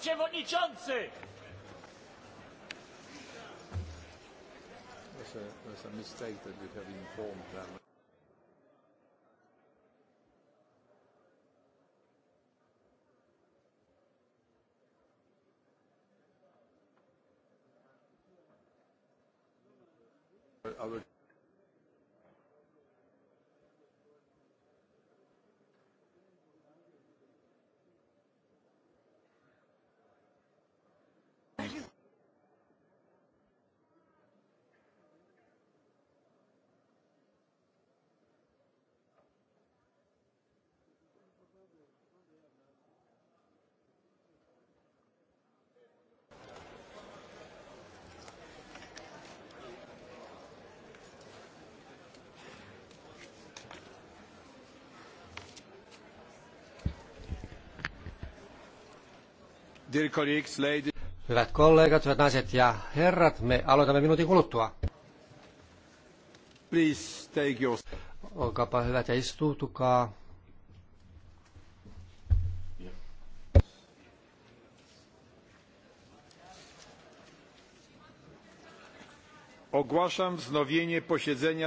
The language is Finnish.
przewodniczący! There's there's a mistake that have informed them. Hyvät kollegat, hyvät naiset ja herrat, me aloitamme minuutin kuluttua. Please take your... Olkaapa hyvät ja istuutukaa. Ogłaszam wznowienie posiedzenia